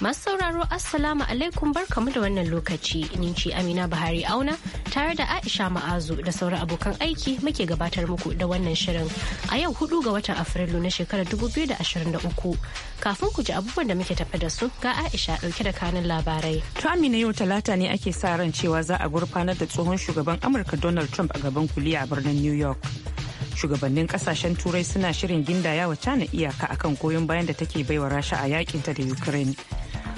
Masu sauraro Assalamu alaikum barkamu da wannan lokaci ni Amina Buhari Auna tare da Aisha Ma'azu da sauran abokan aiki muke gabatar muku da wannan shirin a yau hudu ga watan Afrilu na shekarar 2023 kafin ku ji abubuwan da muke tafi da su ga Aisha dauke da kanin labarai. To Amina yau talata ne ake sa ran cewa za a gurfanar da tsohon shugaban Amurka Donald Trump a gaban kuliya a birnin New York. shugabannin kasashen turai suna shirin gindaya wa cana iyaka akan goyon bayan da take baiwa rasha a yakinta da ukraine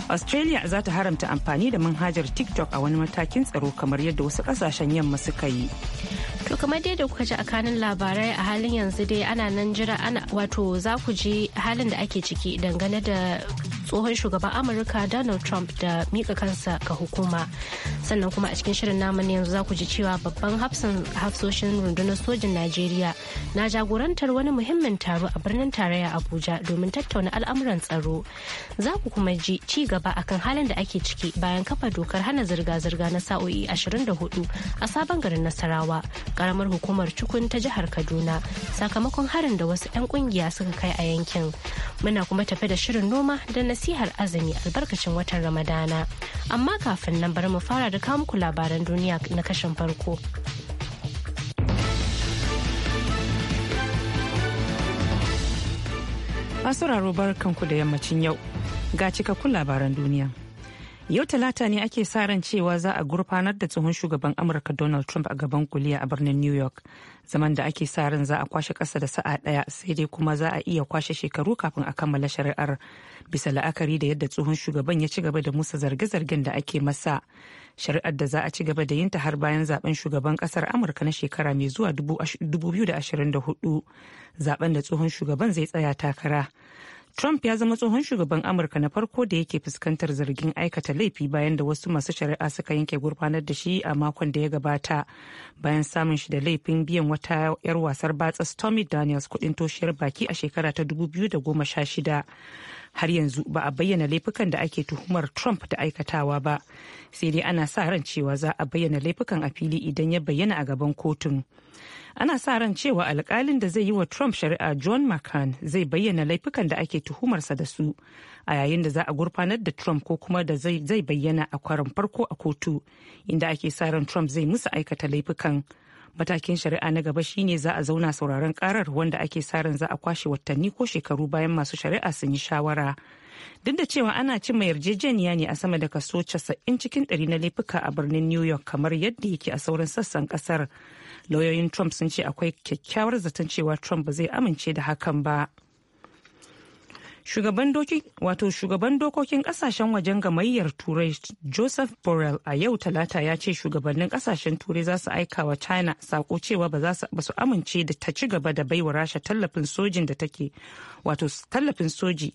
australia za ta haramta amfani da manhajar tiktok a wani matakin tsaro kamar yadda wasu kasashen yamma suka yi to kamar dai da kuka ji a kanin labarai a halin yanzu dai ana nan jira ana wato za ku ji halin da ake ciki dangane da tsohon shugaban amurka donald trump da mika kansa ga hukuma sannan kuma a cikin shirin namu yanzu za ku ji cewa babban hafsoshin rundunar sojin najeriya na jagorantar wani muhimmin taro a birnin tarayya abuja domin tattauna al'amuran tsaro za ku kuma ji ci gaba akan halin da ake ciki bayan kafa dokar hana zirga-zirga na sa'o'i da hudu a sabon garin nasarawa karamar hukumar cukun ta jihar kaduna sakamakon harin da wasu 'yan kungiya suka kai a yankin muna kuma tafe da shirin noma da na nasihar azumi albarkacin watan ramadana amma kafin nan bari mu fara da muku labaran duniya na kashin farko masu raro barkanku da yammacin yau ga cikakkun labaran duniya Yau talata ne ake sa ran cewa za a gurfanar da tsohon shugaban Amurka Donald Trump a gaban kuliya a birnin New York. Zaman da ake sa ran za a kwashe ƙasa da sa'a ɗaya sai dai kuma za a iya kwashe shekaru kafin a kammala shari'ar bisa la'akari da yadda tsohon shugaban ya ci gaba da musa zarge-zargen da ake masa. Shari'ar da za a ci gaba da yinta har bayan zaben shugaban ƙasar Amurka na shekara mai zuwa 2024 zaben da tsohon shugaban zai tsaya takara. Trump ya zama tsohon shugaban Amurka na farko da yake fuskantar zargin aikata laifi bayan da wasu masu shari'a suka yanke gurfanar da shi a makon da ya gabata bayan samun shi da laifin biyan wata 'yar wasar batsa Stormy Daniels kudin toshiyar baki a shekara ta 2016. har yanzu ba a bayyana laifukan da ake tuhumar trump da aikatawa ba sai dai ana sa ran cewa za a bayyana laifukan a fili idan ya bayyana a gaban kotun ana sa ran cewa alkalin da zai yi wa trump shari'a john mccann zai bayyana laifukan da ake tuhumarsa da su a yayin da za a gurfanar da trump ko kuma da zai bayyana a kwarin farko a kotu inda ake sa ran trump zai musu aikata laifukan matakin shari'a na gaba shine za a zauna sauraron karar wanda ake sa ran za a kwashe watanni ko shekaru bayan masu shari'a sun yi shawara duk da cewa ana cin mai yarjejeniya ne a sama da kaso 90 cikin 100 na laifuka a birnin new york kamar yadda yake a sauran sassan kasar lauyoyin trump sun ce akwai kyakkyawar zaton cewa trump ba zai amince da hakan ba shugaban wato shugaban dokokin kasashen wajen gamayyar turai joseph borrell a yau talata ya ce shugabannin kasashen turai za su aika wa china sako cewa ba su amince da ta ci gaba da baiwa rasha tallafin sojin da take wato tallafin soji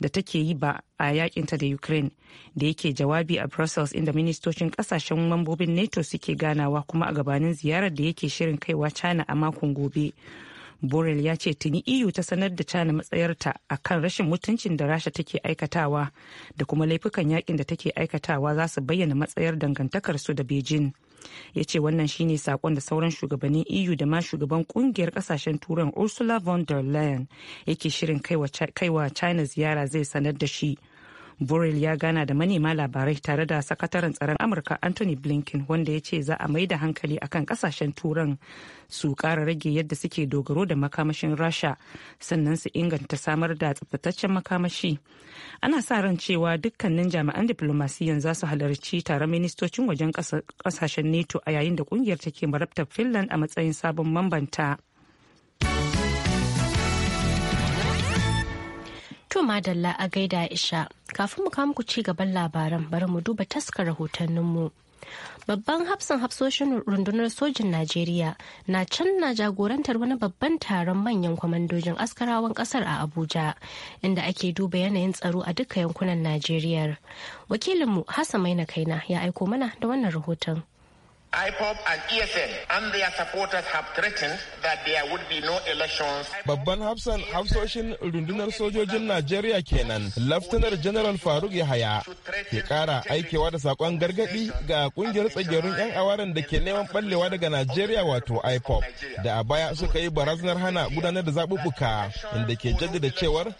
da take yi ba a yakinta da ukraine da yake jawabi a brussels inda ministocin kasashen mambobin nato suke ganawa kuma a gabanin ziyarar da yake shirin kaiwa china a makon gobe. borel ya ce tuni eu ta sanar da china matsayarta a kan rashin mutuncin da rasha take aikatawa da kuma laifukan yakin da take aikatawa za su bayyana matsayar dangantakarsu da beijing ya ce wannan shine sakon da sauran shugabannin eu da ma shugaban ƙungiyar ƙasashen turan ursula von der leyen yake shirin kaiwa china ziyara zai sanar da shi borrell ya gana da manema labarai tare da sakataren tsaron amurka anthony blinken wanda ya ce za a mai da hankali akan kasashen turan su kara rage yadda suke dogaro da makamashin rasha sannan su inganta samar da tsaftataccen makamashi ana sa ran cewa dukkanin jami'an diplomasiyan za su halarci taron ministocin wajen kasashen nato a yayin da kungiyar take marabtar finland a matsayin sabon mambanta To madalla a gaida Aisha, kafin mu kawo muku ci gaban labaran bari mu duba taskar rahotanninmu. Babban hafsan hafsoshin rundunar sojin Najeriya na can na jagorantar wani babban taron manyan kwamandojin askarawan kasar a Abuja, inda ake duba yanayin tsaro a duka yankunan Najeriya. Wakilinmu Hassan Maina Kaina ya aiko mana da wannan rahoton. IPOP and ESN and their supporters have threatened that there would be no elections. Babban hafsan hafsoshin rundunar sojojin Najeriya kenan, Laftanar General Faruk Yahaya ke kara aikewa da sakon gargadi ga kungiyar tsagerun 'yan awaran da ke neman ballewa daga Najeriya wato IPOP da a baya suka yi barazanar hana gudanar da zaɓuɓɓuka inda ke jaddada cewar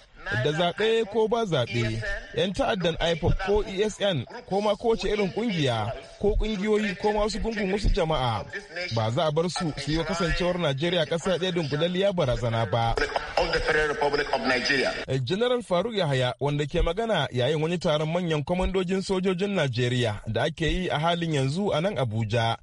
da zaɓe ko ba zaɓe 'yan ta'addan ipop ko esn ko ma kowace irin ƙungiya ko ƙungiyoyi ko ma wasu gungun wasu jama'a ba za a bar su su yi kasancewar najeriya ƙasa ɗaya dunkulaliya barazana ba general faruk yahaya wanda ke magana yayin wani taron manyan kwamandojin sojojin najeriya da ake yi a halin yanzu a nan abuja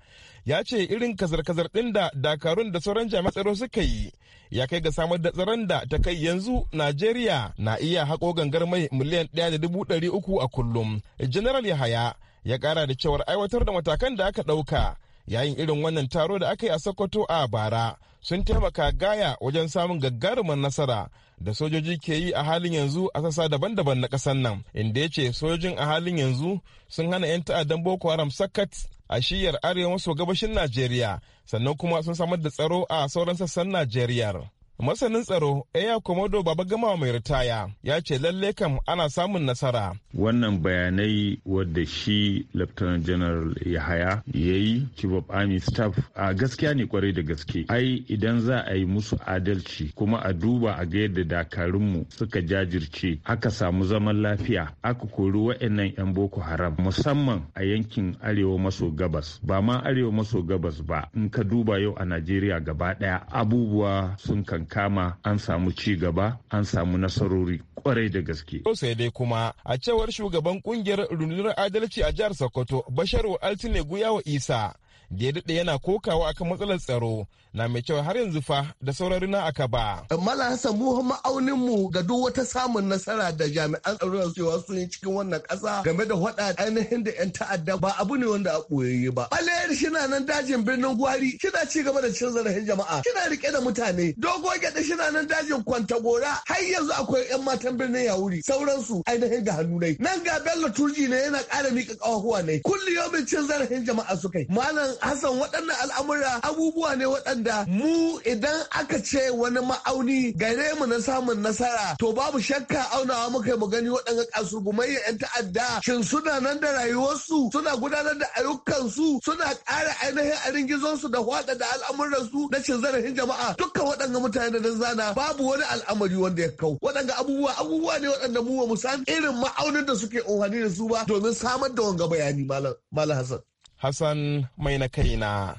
ya ce irin kazar-kazar ɗin da dakarun da sauran jami'an tsaro suka yi ya kai ga samar da tsaron da ta kai yanzu najeriya na iya haƙo gangar mai miliyan ɗaya uku a kullum general yahaya ya ƙara da cewar aiwatar da matakan da aka ɗauka yayin irin wannan taro da aka yi a sokoto a bara sun taimaka gaya wajen samun gagarumar nasara da sojoji ke yi a halin yanzu a sassa daban-daban na ƙasar nan inda ya ce sojojin a halin yanzu sun hana 'yan ta'addan boko haram sakat a shiyar arewa maso gabashin Najeriya sannan kuma sun samar da tsaro a sauran sassan najeriyar masanin tsaro Eya Komodo Baba Gama mai ritaya ya ce lalle kam ana samun nasara. Wannan bayanai wadda shi Lieutenant General Yahaya ya yi Chief of Army Staff a gaskiya ne kwarai da gaske. Ai idan za a yi musu adalci kuma a duba a ga yadda dakarunmu suka jajirce aka samu zaman lafiya aka kori wa'annan 'yan Boko Haram musamman a yankin Arewa maso gabas ba ma Arewa maso gabas ba in ka duba yau a Najeriya gaba ɗaya abubuwa sun kan kama an samu ci gaba an samu nasarori kwarai da gaske. sai dai kuma a cewar shugaban kungiyar rundunar adalci a jihar Sokoto Basharu Altinegu yawo Isa da ya daɗe yana kokawa akan matsalar tsaro na mai kyau har yanzu fa da saurari na aka ba. Mala Hassan mu ma'aunin mu ga duk wata samun nasara da jami'an da cewa sun yi cikin wannan ƙasa game da hada ainihin da 'yan ta'adda ba abu ne wanda a koyayye ba. Balayar shina nan dajin birnin Gwari kina ci gaba da cin zarafin jama'a kina rike da mutane dogo gyaɗa shina nan dajin Kwantagora har yanzu akwai 'yan matan birnin Yawuri sauransu ainihin da hannu nai. Nan ga Bello Turji ne yana ƙara miƙa ƙawahuwa ne. Kulliyomin cin zarafin jama'a su yi. Malam Hassan waɗannan al'amura abubuwa ne waɗanda yanda mu idan aka ce wani ma'auni gare mu na samun nasara to babu shakka aunawa muka mu gani waɗanda ya 'yan ta'adda shin suna nan da rayuwarsu suna gudanar da ayyukansu suna ƙara ainihin a ringizonsu da hwada da al'amuransu na cin zarafin jama'a dukkan waɗanda mutane da zana babu wani al'amari wanda ya kau waɗanda abubuwa abubuwa ne waɗanda mu mu san irin ma'aunin da suke amfani da su ba domin samar da wanga bayani malam hassan hassan mai na kaina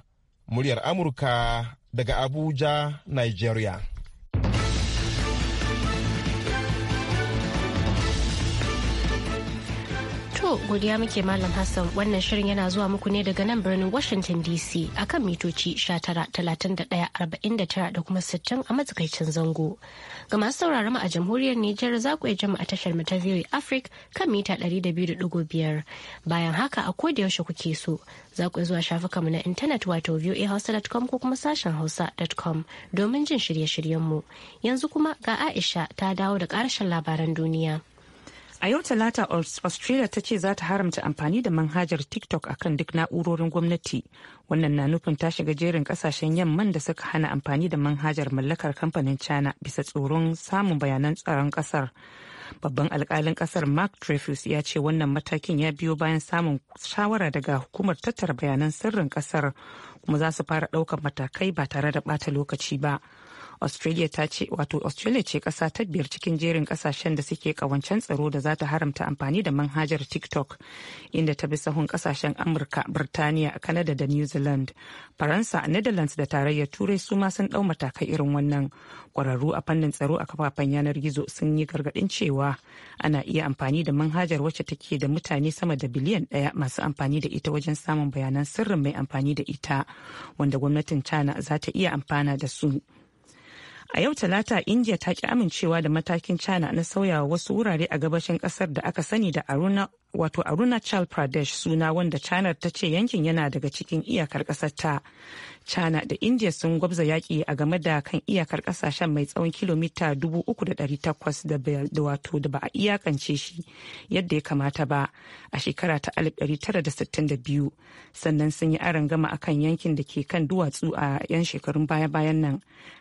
muryar Amurka daga Abuja, Nigeria. To, godiya muke Malam Hassan wannan shirin yana zuwa muku ne daga nan birnin Washington DC akan mitoci 19,31,49 da kuma 60 a matsakaicin zango. Ga masu sauraron mu a jamhuriyar Nijar za ku iya mu a tashar mu ta VOA Africa kan mita 200.5. Bayan haka a koda yaushe kuke so za ku zuwa shafukan mu na intanet wato voahausa.com ko kuma sashen hausa.com domin jin shirye-shiryen mu. Yanzu kuma ga Aisha ta dawo da ƙarshen labaran duniya. A yau Talata Australia ta ce za ta haramta amfani da manhajar TikTok a kan duk na'urorin gwamnati. Wannan na nufin ta shiga jerin kasashen yamman da suka hana amfani da manhajar mallakar kamfanin China bisa tsoron samun bayanan tsaron kasar. Babban alkalin kasar Mark Dreyfus ya ce wannan matakin ya biyo bayan samun shawara daga hukumar tattara bayanan sirrin kasar kuma za su fara ɗaukar matakai ba tare da bata lokaci ba. australia ta ce wato australia ce kasa ta biyar cikin jerin kasashen da suke kawancen tsaro da za ta haramta amfani da manhajar tiktok inda ta bi sahun kasashen amurka birtaniya canada da new zealand faransa netherlands da tarayyar turai su ma sun dau matakai irin wannan kwararru a fannin tsaro a kafafen yanar gizo sun yi gargadin cewa ana iya amfani da manhajar wacce take da mutane sama da biliyan daya masu amfani da ita wajen samun bayanan sirrin mai amfani da ita wanda gwamnatin china za ta iya amfana da su A yau Talata India ta ki amincewa da matakin China na sauyawa wasu wurare a gabashin kasar da aka sani da Aruna wato arunachal pradesh suna wanda china ta ce yankin yana daga cikin iyakar ƙasarta china da india sun gwabza yaƙi a game da kan iyakar ƙasashen mai tsawon kilomita 3,800 da wato da ba a iyakance shi yadda ya kamata ba a shekara ta 1962 sannan sun yi aron gama a kan yankin da ke kan duwatsu a 'yan shekarun baya-bayan nan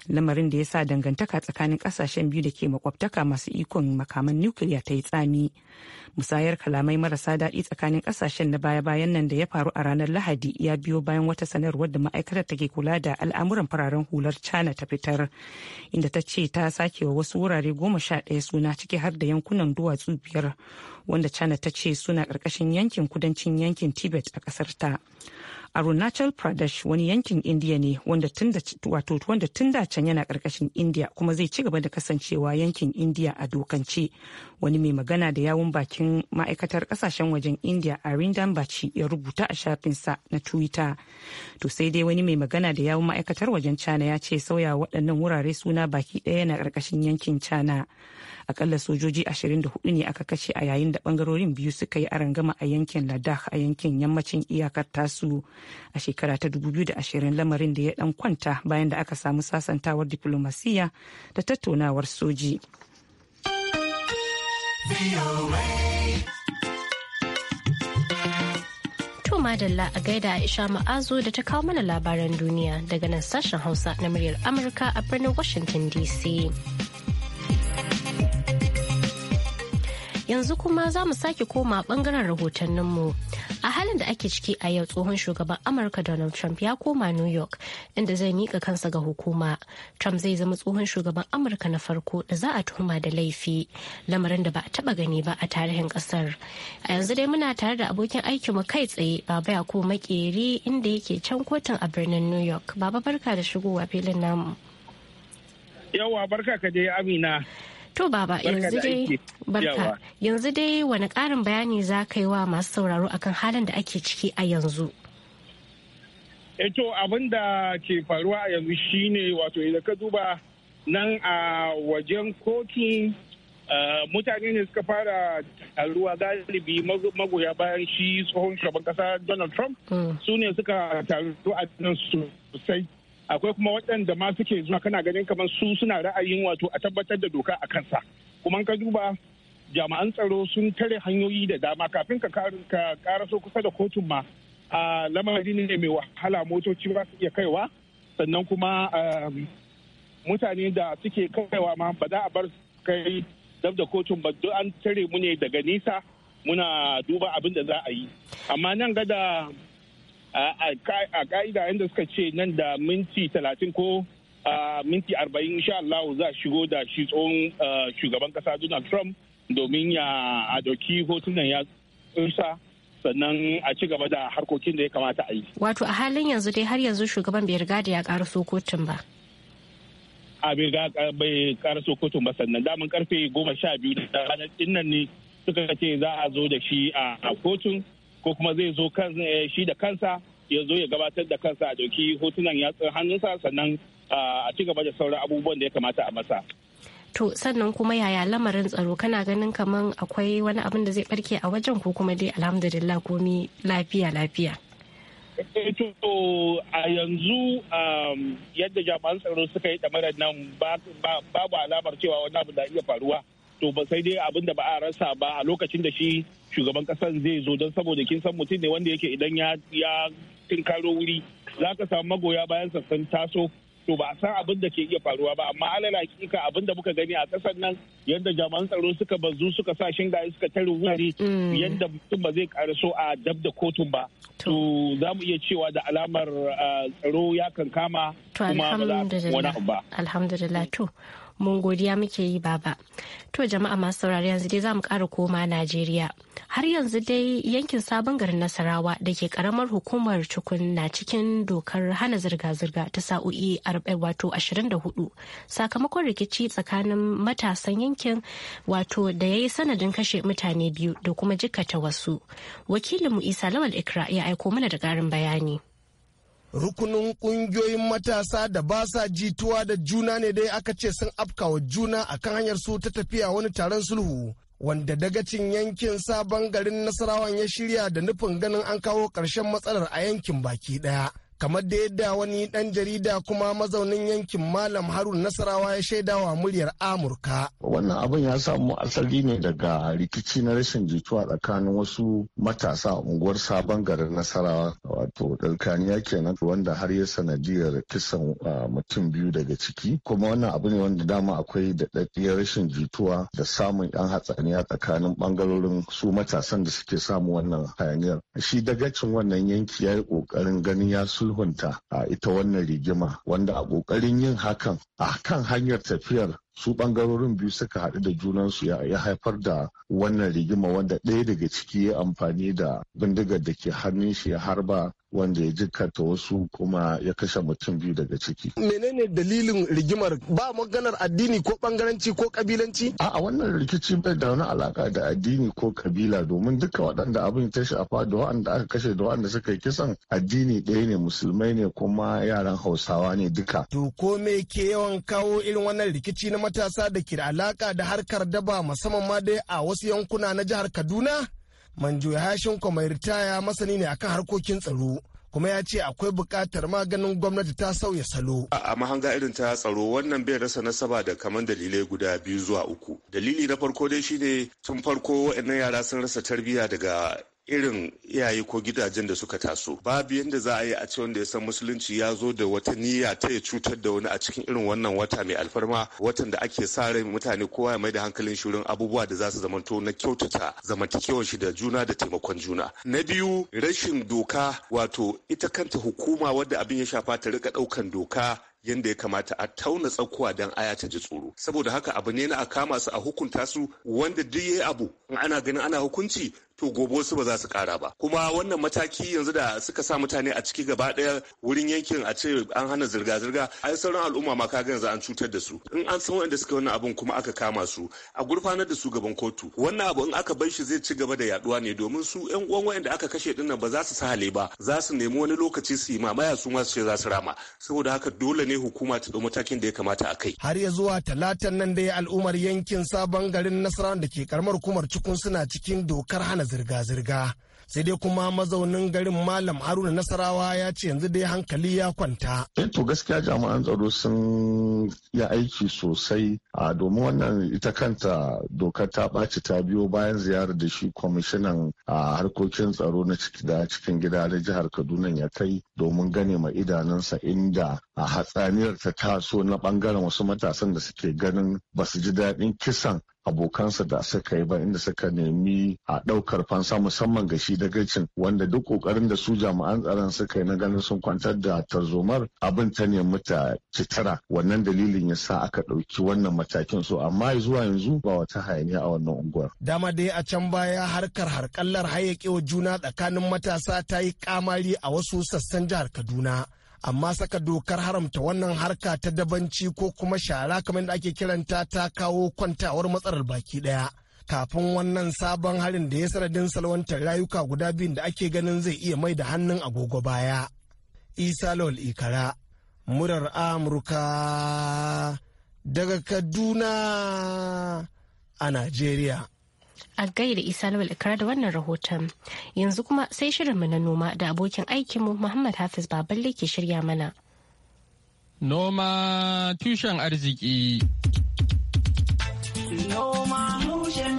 lamarin da ya sa dangantaka tsakanin ƙasashen biyu da ke makwabtaka masu ikon makaman nukiliya ta yi tsami musayar kalamai marasa daɗi tsakanin ƙasashen na baya-bayan nan da ya faru a ranar Lahadi ya biyo bayan wata sanarwar da ma'aikatar take kula da al'amuran fararen hular China ta fitar, inda ta ce ta sake wa wasu wurare goma sha ɗaya suna ciki har da yankunan duwatsu biyar, wanda China ta ce suna ƙarƙashin yankin kudancin yankin Tibet a ƙasar ta. arunachal pradesh wani yankin indiya ne wanda tun da can yana karkashin india kuma zai ci gaba da kasancewa yankin indiya a dokance wani mai magana da yawun bakin ma'aikatar kasashen wajen indiya arindan Bachi ya rubuta a shafinsa na twitter to sai dai wani mai magana da yawun ma'aikatar wajen china ya ce sauya waɗannan wurare suna baki ɗaya na karkashin yankin china akalla sojoji 24 ne aka kashe a yayin da bangarorin biyu suka yi arangama a yankin ladakh a yankin yammacin iyakar tasu a shekara ta 2020 lamarin da ya dan kwanta bayan da aka samu sasantawar diplomasiya da tattaunawar soji. madalla a gaida Aisha Ma'azu da ta kawo mana labaran duniya daga nan sashen Hausa na muryar Amurka a birnin Washington DC. yanzu kuma za mu sake koma bangaren rahotanninmu a halin da ake ciki a yau tsohon shugaban amurka donald trump ya koma new york inda zai mika kansa ga hukuma trump zai zama tsohon shugaban amurka na farko da za a tuhuma da laifi lamarin da ba a taba gani ba a tarihin kasar a yanzu dai muna tare da abokin mu kai tsaye baba ya ko makeri inda yake can kotun a birnin new york baba barka da shigowa filin namu yawa barka ka dai amina To baba yanzu dai barka yanzu dai wani ƙarin bayani za ka yi wa masu sauraro akan halin da ake ciki a yanzu. E to abin da ke faruwa a yanzu shine wato idan ka duba nan a wajen kotun eh, mutane ne suka fara taruwa galibi magoya bayan shi tsohon shugaban kasa Donald Trump mm. su ne suka taru a nan sosai. akwai kuma waɗanda ma suke zuwa kana ganin kamar su suna ra'ayin wato a tabbatar da doka a kansa kuma ka duba jami'an tsaro sun tare hanyoyi da dama kafin ka karaso kusa da kotun ma a lamari ne mai wahala motoci ba su iya kaiwa sannan kuma um, mutane da suke kaiwa ma ba za a bar kai dab da kotun ba an tare mu ne daga nisa muna duba abin da za a yi amma nan gada a ka'ida inda suka ce nan da minti talatin ko minti arba'in insha Allah za a shigo da shi tsohon shugaban kasa Donald Trump domin ya a ɗauki hotunan ya tsunsa sannan a ci gaba da harkokin da ya kamata a yi. Wato a halin yanzu dai har yanzu shugaban bai riga da ya karaso kotun ba. A bai riga bai karaso kotun ba sannan damin karfe goma sha biyu da ranar dinnan ne suka ce za a zo da shi a kotun ko kuma zai zo eh, shi da kansa ya zo ya gabatar da kansa a doki hotunan yatsun hannunsa sannan ah, a ci gaba da sauran abubuwan da ya kamata a masa. To sannan kuma yaya lamarin tsaro kana ganin kamar akwai wani abin da zai barke a wajen ko kuma dai alhamdulillah komi lafiya lafiya. Eh, to a yanzu yadda jami'an tsaro suka yi damarar nan babu alamar cewa wani abu da iya faruwa to ba sai dai abin da ba a rasa ba a lokacin da shi shugaban kasar zai zo don saboda kin san mutum ne wanda yake idan ya ya tinkaro wuri za ka samu magoya bayan sassan taso to ba a san abin da ke iya faruwa ba amma alal hakika abin da muka gani a kasar nan yadda jami'an tsaro suka bazu suka sa shin ga suka tare wuri mm. yadda mutum ba zai so a dab da kotun ba to za mu iya cewa da alamar ah, tsaro ya kama kuma ba za a wani ba alhamdulillah to mun godiya muke yi baba to jama'a masu saurari yanzu dai za mu ƙara koma najeriya har yanzu dai yankin sabon garin nasarawa da ke karamar hukumar cikun na cikin dokar hana zirga-zirga ta sa'o'i eh, wato hudu sakamakon rikici tsakanin matasan yankin wato da ya yi sanadin kashe mutane biyu da kuma jikkata wasu wakilinmu isa lamal ikra ya aiko mana da ƙarin bayani rukunin kungiyoyin matasa da ba sa jituwa da juna ne dai aka ce sun afkawa juna a kan hanyar su ta tafiya wani taron sulhu wanda dagacin yankin sabon garin nasarawan ya shirya da nufin ganin an kawo ƙarshen matsalar a yankin baki ɗaya. kamar da yadda wani dan jarida kuma mazaunin yankin malam harun nasarawa ya shaidawa muryar amurka wannan abin ya samu asali ne daga rikici na rashin jituwa tsakanin wasu matasa a unguwar sabon garin nasarawa wato dalkaniya kenan wanda har ya sanadiyar kisan mutum biyu daga ciki kuma wannan abu ne wanda dama akwai da rashin jituwa da samun yan hatsaniya tsakanin bangarorin su matasan da suke samu wannan hayaniyar shi dagacin wannan yanki ya yi kokarin ganin ya su sulhunta a ita wannan rigima wanda a ƙoƙarin yin hakan a kan hanyar tafiyar su bangarorin biyu suka haɗu da junansu ya haifar da wannan rigima wanda ɗaya daga ciki ya amfani da bindigar da ke hannun shi ya harba wanda ya jikkata wasu kuma ya kashe mutum biyu daga ciki. Menene dalilin rigimar ba maganar addini ko bangaranci ko kabilanci? A wannan rikici bai da wani alaka da addini ko kabila domin duka waɗanda abin ta shafa da waɗanda aka kashe da waɗanda suka yi kisan addini ɗaya ne musulmai ne kuma yaran hausawa ne duka. To ko me ke yawan kawo irin wannan rikici na matasa da ke da alaka da harkar daba musamman ma dai a wasu yankuna na jihar Kaduna? manjo yashin mai ritaya masani ne akan harkokin tsaro kuma ya ce akwai buƙatar maganin gwamnati ta sauya salo. A mahanga irin ta tsaro wannan bai rasa nasaba da kamar dalilai guda biyu zuwa uku. Dalili na farko dai shine tun farko waɗannan yara sun rasa tarbiyya daga irin iyaye ko gidajen da suka taso babu yadda za a yi a ce wanda ya san musulunci ya zo da wata niyya ta ya cutar da wani a cikin irin wannan wata mai alfarma watan da ake sa rai mutane kowa ya mai da hankalin shirin abubuwa da za su zamanto na kyautata zamantakewar shi da juna da taimakon juna na biyu rashin doka wato ita kanta hukuma wadda abin ya shafa ta rika daukan doka yadda ya kamata a tauna tsakuwa don aya ta ji tsoro saboda haka abu ne na a kama su a hukunta su wanda duk yayi abu in ana ganin ana hukunci to gobe su ba za su kara ba kuma wannan mataki yanzu da suka sa mutane a ciki gaba daya wurin yankin a ce an hana zirga-zirga ai sauran al'umma ma ka yanzu an cutar da su in an san wanda suka wannan abun kuma aka kama su a gurfanar da su gaban kotu wannan abu in aka bar shi zai ci gaba da yaduwa ne domin su yan uwan wanda aka kashe din ba za su sahale ba za su nemi wani lokaci su yi mamaya su ma su ce za su rama saboda haka dole ne ne hukuma ta ɗau matakin da ya kamata a kai. Har ya zuwa talatan nan da dai al'ummar yankin sabon garin Nasarawa da ke karamar hukumar cikin suna cikin dokar hana zirga-zirga. sai dai kuma mazaunin garin malam haruna nasarawa ya ce yanzu dai hankali ya kwanta eh to gaskiya jami'an tsaro sun yi aiki sosai a domin wannan ita kanta dokar ta ɓaci ta biyo bayan ziyarar da shi kwamishinan a harkokin tsaro na ciki da cikin gida na jihar kaduna ya kai domin gane ma idanunsa inda a hatsaniyar ta taso na bangaren wasu matasan da suke ganin ba su ji daɗin kisan abokansa da suka yi ba inda suka nemi a ɗaukar fansa musamman ga shi dagacin wanda duk ƙoƙarin da su jami'an tsaron suka yi na ganin sun kwantar da tarzomar abin ta nemi ta citara wannan dalilin ya sa aka ɗauki wannan matakin so amma zuwa yanzu ba wata hayaniya a wannan unguwar. Dama dai a can baya harkar harkallar hayyakewa juna tsakanin matasa ta yi kamari a wasu sassan jihar Kaduna. amma saka dokar haramta wannan harka ta dabanci ko kuma shara kamar da ake kiranta ta kawo kwantawar matsalar baki daya kafin wannan sabon harin da ya sanadin salwantar rayuka guda biyun da ake ganin zai iya mai da hannun agogo baya isa lawal ikara murar amurka daga kaduna a najeriya a gaida isa lawal ikra da wannan rahoton yanzu kuma sai shirinmu na noma da abokin aikinmu muhammad hafiz baballe ke shirya mana noma tushen arziki noma tushen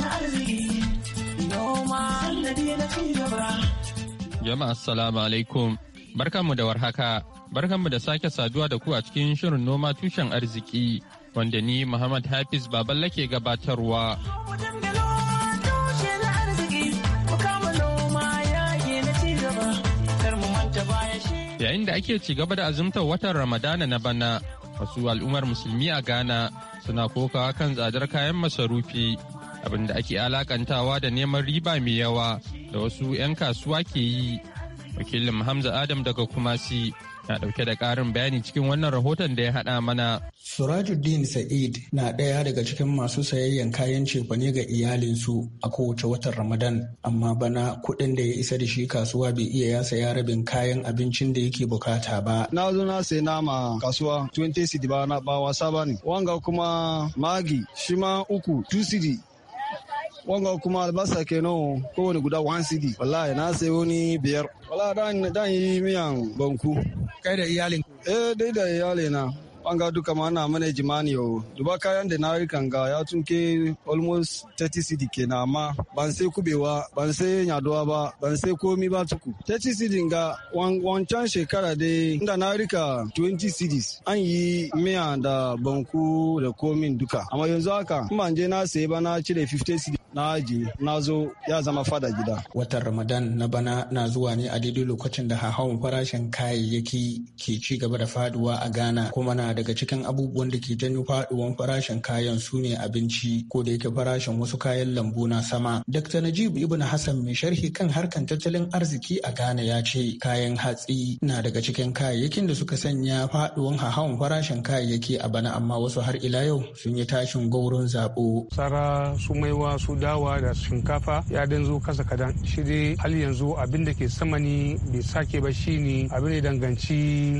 jama'a assalamu alaikum barkanmu da warhaka barkanmu da sake saduwa da ku a cikin shirin noma tushen arziki wanda ni muhammad hafiz baballe ke gabatarwa yayin da ake ci gaba da azumtar watan ramadana na bana wasu al'ummar musulmi a ghana suna kokawa kan tsadar kayan masarufi abinda ake alakantawa da neman riba mai yawa da wasu 'yan kasuwa ke yi wakilin hamza adam daga kumasi na ɗauke da karin bayani cikin wannan rahoton da ya haɗa mana. Surajuddin Sa'id na ɗaya daga cikin masu sayayyan kayan cefane ga iyalinsu a kowace watan Ramadan, amma bana kuɗin da ya isa da shi kasuwa bai iya ya saya rabin kayan abincin da yake bukata ba. Na zo na sayi nama kasuwa 20 cedi ba na ba wasa ba ne. Wanga kuma magi shi ma uku 2 cedi wanga kuma albasa ke nawa, kowane guda 1 cd wallahi na sayo ni biyar wallahi dan yi miyan banku kai da iyalin eh dai da iyalina an ga duka mana mana jimani yau duba kayan da na yi kanga ya tunke almost 30 cd kenan amma ban sai kubewa ban sai yaduwa ba ban sai komi ba tuku 30 cd ga wancan shekara dai inda na rika 20 cds an yi miya da banku da komin duka amma yanzu haka ban je na sayi ba na cire 50 cd na aji na zo ya zama fada gida. Watan Ramadan na bana na zuwa ne a daidai lokacin da hahawan farashin kayayyaki ke ci gaba da faduwa a Ghana kuma na daga cikin abubuwan da ke janyo faduwan farashin kayan su ne abinci ko da yake farashin wasu kayan lambu na sama. Dr. Najib Ibn Hassan mai sharhi kan harkan tattalin arziki a Ghana ya ce kayan hatsi na daga cikin kayayyakin da suka sanya faduwan hahawan farashin kayayyaki a bana amma wasu har ila yau sun yi tashin gaurin zabo. Sara su maiwa su dawa da shinkafa ya dan zo kasa kadan shi dai hal yanzu abin da ke sama ni bai sake ba shine abin da danganci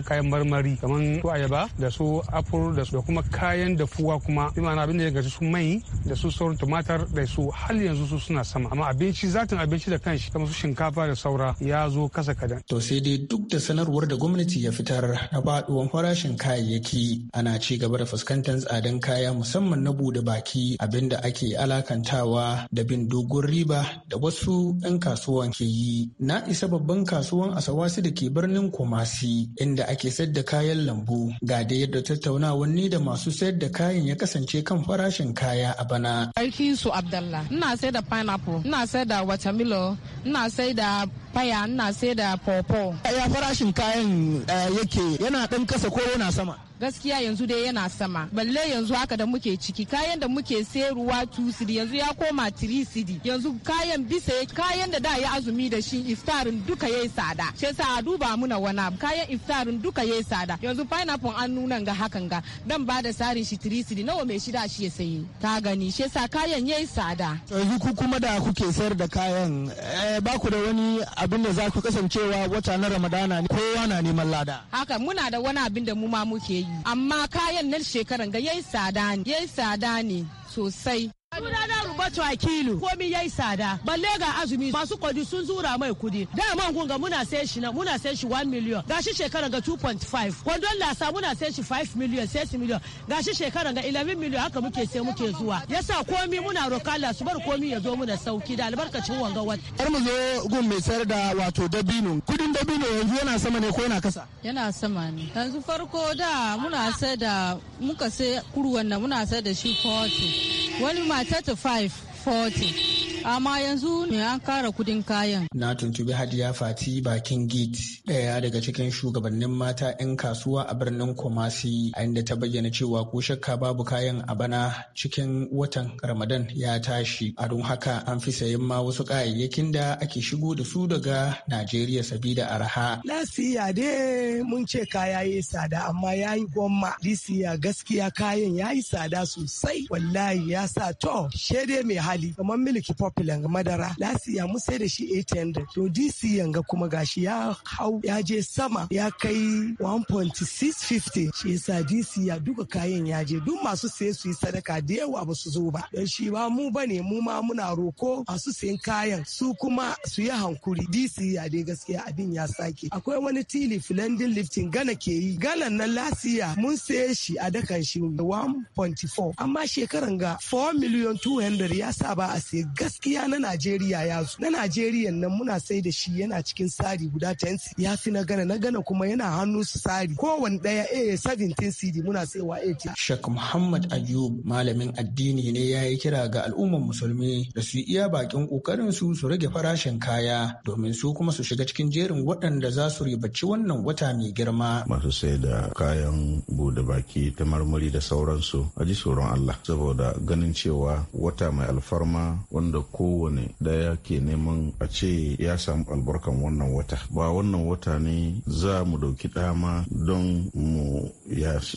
kayan marmari kamar su ayaba da su apple da su da kuma kayan dafuwa kuma bi ma'ana abin da ya gaji su mai da su sauran tumatar da su hal yanzu su suna sama amma abinci zatin abinci da kanshi kamar su shinkafa da saura ya zo kasa kadan to sai dai duk da sanarwar da gwamnati ya fitar na faduwan farashin kayayyaki ana ci gaba da fuskantar tsadan kaya musamman na bude baki abinda ake alakantawa da bin dogon riba da wasu 'yan kasuwan ke yi. Na isa babban kasuwan Asawasi da ke birnin Kumasi inda ake sayar da kayan lambu. Ga da yadda tattaunawar ni da masu sayar da kayan ya kasance kan farashin kaya a bana. Aikin su Abdallah, ina sai da pineapple, ina sai da watermelon, ina sai da paya, ina sai da pawpaw. Ya farashin kayan eh, yake yana ɗan kasa ko yana sama? gaskiya yanzu dai yana sama balle yanzu haka da muke ciki kayan da muke sayarwa 2cd yanzu ya koma 3cd yanzu kayan bisa kayan da da ya azumi da shi iftarin duka yayi tsada sai sa a duba muna wana kayan iftarin duka yayi tsada yanzu pineapple an nuna ga hakan ga dan ba da sarin shi 3cd nawa mai shida shi ya sayi ta gani sai sa kayan yayi tsada yanzu ku kuma da kuke sayar da kayan eh, ba ku da wani abin da za ku kasancewa wata na ramadana kowa na neman lada haka muna da wani abin da mu ma muke yi yi amma kayan nan shekaran ga yayi tsada ne yayi tsada ne sosai Suna na Rubatu Akilu, komi ya yayi tsada. Balle ga azumi masu kwadi sun zura mai kudi. Da man gunga muna sai shi na muna sai shi 1 ga shi shekara ga 2.5. Kwandon lasa muna sai shi 5 million, 6 million. Gashi shekara ga 11 million haka muke sai muke zuwa. Yasa komi muna rokala su bar komi ya zo muna sauki da albarkacin wanga wata. Har mu zo gun mai sayar da wato dabino. Kudin dabino yanzu yana sama ne ko yana kasa? Yana sama ne. Yanzu farko da muna sai da muka sai kurwan na muna sai da shi 40. wani mata to 540 amma yanzu ne an kara kudin kayan. Na tuntubi Hadiya Fati bakin git ɗaya daga cikin shugabannin mata 'yan kasuwa a birnin Kumasi a inda ta bayyana cewa ko shakka babu kayan a bana cikin watan Ramadan ya tashi. A don haka an fi sayen ma wasu kayayyakin da ake shigo da su daga Najeriya sabida arha. Lasiya de mun ce kaya yi tsada amma ya yi goma. Lisiya gaskiya kayan ya yi tsada sosai wallahi ya sa to shede mai hali kamar miliki pop apple madara la siya mun sai da shi 800 to DC yanga ga kuma gashi ya hau ya je sama ya kai 1.650 shi yasa dc ya duka kayan ya je duk masu saye su yi sadaka da yawa ba su zo ba don shi ba mu ba ne mu ma muna roko masu sayan kayan su kuma su yi hankuri dc ya dai gaskiya abin ya sake akwai wani tili filandin lifting gana ke yi galan na lasiya mun saye shi a dakan shi 1.4 amma shekaran ga 4 million 200 ya sa ba a saye gas gaskiya na Najeriya ya zo. Na Najeriya nan muna sai da shi yana cikin sari guda 10 ya fi na gana na gana kuma yana hannu su sari kowane ɗaya a 17 cd muna saiwa 18. Sheikh Muhammad Ayub malamin addini ne ya yi kira ga al'ummar musulmi da su iya bakin kokarin su su rage farashin kaya domin su kuma su shiga cikin jerin waɗanda za su ribaci wannan wata mai girma. Masu sai da kayan bude baki ta marmari da sauransu a ji tsoron Allah saboda ganin cewa wata mai alfarma wanda kowane daya ke neman a ce ya samu albarkan wannan wata ba wannan wata ne za mu dauki dama don mu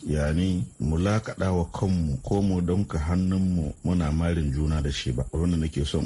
yani mu lakaɗa wa kanmu ko mu donka hannunmu muna marin juna da shi ba abinda nake son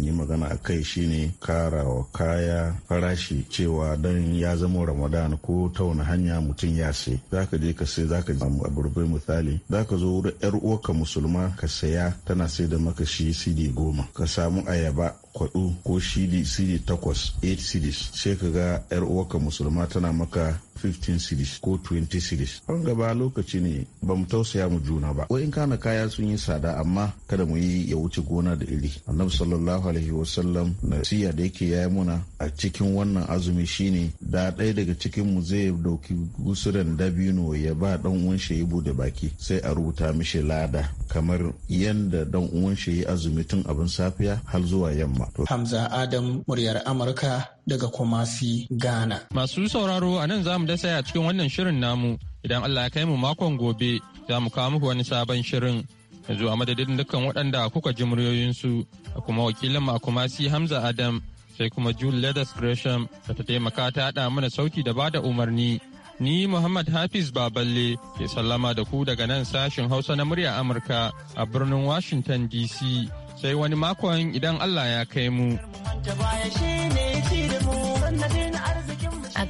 yi magana a kai shine karawa kaya farashi cewa don ya zama ramadan ko ta wani hanya mutum ya sai zaka je ka sai zaka a burbai misali zaka zo wurin yar uwarka musulma ka saya tana sai da maka shi cd goma ka ka samu ayaba kwadu ko shidi takwas 8 cds sai ka ga yar uwarka musulma tana maka 15 series ko 20 series an gaba lokaci ne ba mu tausaya mu juna ba in kana kaya sun yi sada amma kada mu yi ya wuce gona da iri annabi sallallahu alaihi wasallam nasiya da yake yayi muna a cikin wannan azumi shine da ɗaya daga cikin mu zai dauki gusuran dabino ya ba dan uwan shi ya bude baki sai a rubuta mishi lada kamar yanda dan uwan shi ya azumi tun abin safiya har zuwa yamma hamza adam muryar amurka daga Kumasi, Ghana. Masu sauraro a nan za mu dasa a cikin wannan shirin namu idan Allah ya kai mu makon gobe za mu kawo muku wani sabon shirin. Yanzu a madadin dukkan waɗanda kuka ji muryoyinsu a kuma wakilin a Kumasi Hamza Adam sai kuma Jule Leathers Gresham da ta taimaka ta haɗa mana sauti da bada umarni. Ni Muhammad Hafiz Baballe ke sallama da ku daga nan sashin Hausa na murya Amurka a birnin Washington DC sai wani makon idan Allah ya kai mu.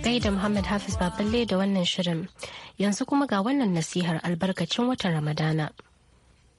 da Muhammad Hafiz Baballe da wannan shirin. Yanzu kuma ga wannan nasihar albarkacin watan Ramadana.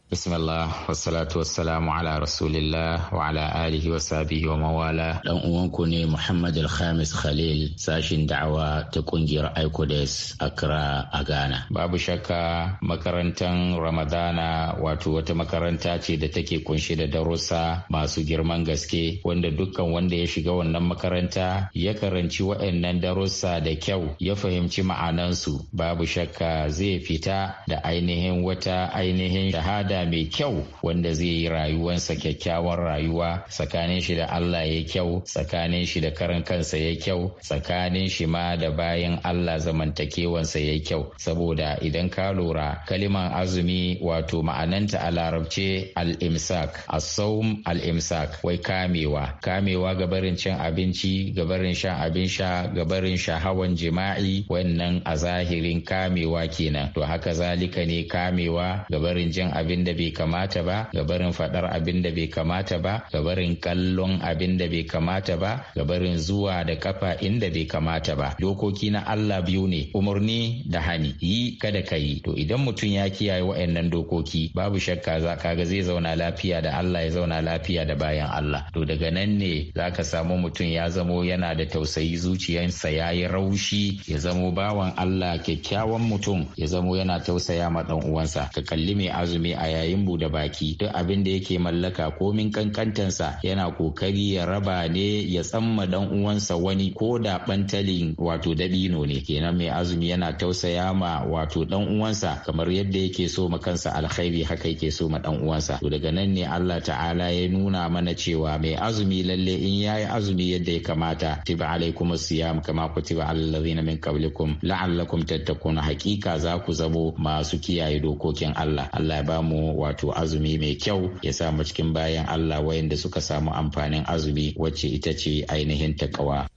Bismillah wassalatu wassalamu ala rasulillah wa ala alihi wa sahbihi wa mawala dan uwanku ne Muhammad al Khalil sashin da'awa ta kungiyar Icodes Accra a Ghana. Babu shakka makarantar Ramadana wato wata makaranta ce da take kunshe da darussa masu girman gaske wanda dukkan wanda ya shiga wannan makaranta ya karanci wa'annan darussa da kyau ya fahimci ma'anansu babu shakka zai fita da ainihin wata ainihin shahada ibada mai kyau wanda zai yi rayuwansa kyakkyawar rayuwa tsakanin shi da Allah ya kyau tsakanin shi da karan kansa ya kyau tsakanin shi ma da bayan Allah zamantakewansa ya kyau saboda idan ka lura kaliman azumi wato ma'ananta a larabce al-imsak as-sawm al-imsak wai kamewa kamewa ga barin cin abinci ga barin shan abin sha ga barin shahawan jima'i wannan a zahirin kamewa kenan to haka zalika ne kamewa ga barin jin abin da bai kamata ba ga barin faɗar abin da bai kamata ba ga barin kallon abin da bai kamata ba ga barin zuwa da kafa inda bai kamata ba dokoki na Allah biyu ne umarni da hani yi kada ka yi to idan mutum ya kiyaye wa'annan dokoki babu shakka za ka ga zai zauna lafiya da Allah ya zauna lafiya da bayan Allah to daga nan ne za ka samu mutum ya zamo yana da tausayi zuciyarsa ya yi raushi ya zamo bawan Allah kyakkyawan mutum ya zamo yana tausaya ma ɗan uwansa ka kalli mai azumi a yayin buɗe baki duk abin da yake mallaka komin kankantansa yana kokari ya raba ne ya tsamma dan uwansa wani ko da bantalin wato dabino ne kenan mai azumi yana tausaya ma wato dan uwansa kamar yadda yake so ma kansa alkhairi haka yake so ma dan uwansa to daga nan ne Allah ta'ala ya nuna mana cewa mai azumi lalle in yayi azumi yadda ya kamata tiba alaikum siyam kama kutiba alal ladina min qablikum la'allakum tattaquna hakika za ku zamo masu kiyaye dokokin Allah Allah ya ba mu wato azumi mai kyau ya sa mu cikin bayan Allah wayanda suka samu amfanin azumi wacce ita ce ainihin takawa.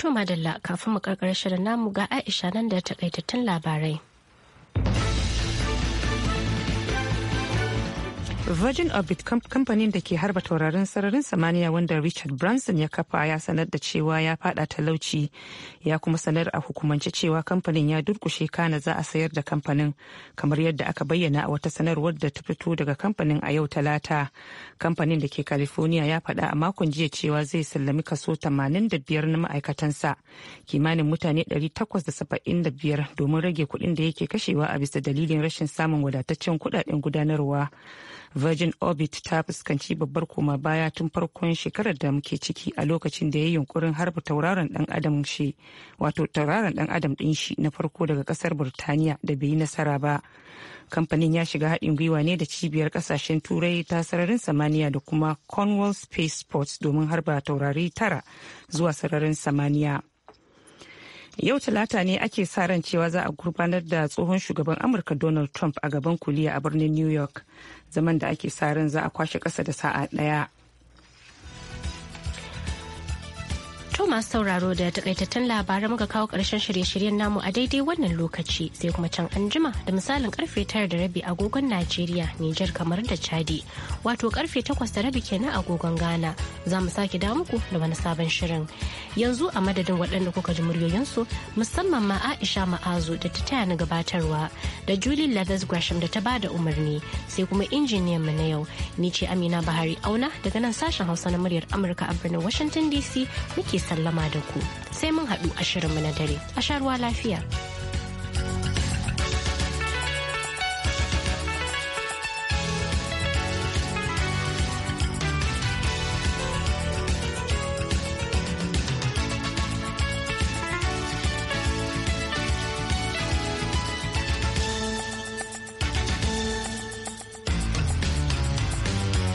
To madalla kafin mu karkar shirin namu ga Aisha nan da takaitattun labarai. Virgin Orbit kamfanin da ke harba taurarin sararin samaniya wanda Richard Branson ya kafa ya sanar da cewa ya fada talauci ya kuma sanar a hukumance cewa kamfanin ya durkushe kana za a sayar da kamfanin kamar yadda aka bayyana a wata sanarwar da ta fito daga kamfanin a yau talata. Kamfanin da ke California ya fada a makon jiya cewa zai sallami kaso 85 na ma'aikatansa kimanin mutane 875 domin rage kuɗin da yake kashewa a bisa dalilin rashin samun wadataccen kuɗaɗen gudanarwa. virgin orbit ta fuskanci babbar koma baya tun farkon shekarar da muke ciki a lokacin da ya yi yunkurin harba tauraron dan adam shi wato tauraron dan adam din shi na farko daga kasar burtaniya da bai yi nasara ba kamfanin ya shiga haɗin gwiwa ne da cibiyar kasashen turai ta sararin samaniya da kuma cornwall space sports domin harba taurari tara zuwa sararin samaniya Yau Talata ne ake sa ran cewa za a gurbanar da tsohon shugaban Amurka Donald Trump a gaban kuliya a birnin New York. Zaman da ake sa ran za a kwashe kasa da sa'a daya. To masu sauraro da takaitattun labaran muka kawo ƙarshen shirye-shiryen namu a daidai wannan lokaci sai kuma can anjima da misalin karfe tara da rabi agogon Najeriya, Nijar kamar da Chadi. Wato karfe takwas da rabi kenan agogon Ghana. Za mu sake da muku da wani sabon shirin. Yanzu a madadin waɗanda kuka ji muryoyinsu musamman ma Aisha Ma'azu da ta taya ni gabatarwa da Julie Leathers Gresham da ta ba da umarni sai kuma injiniyan mu na yau. Ni ce Amina Bahari Auna daga nan sashen Hausa na muryar Amurka a birnin Washington DC muke sallama da ku sai mun haɗu a shirinmu na dare a sharuwa lafiya.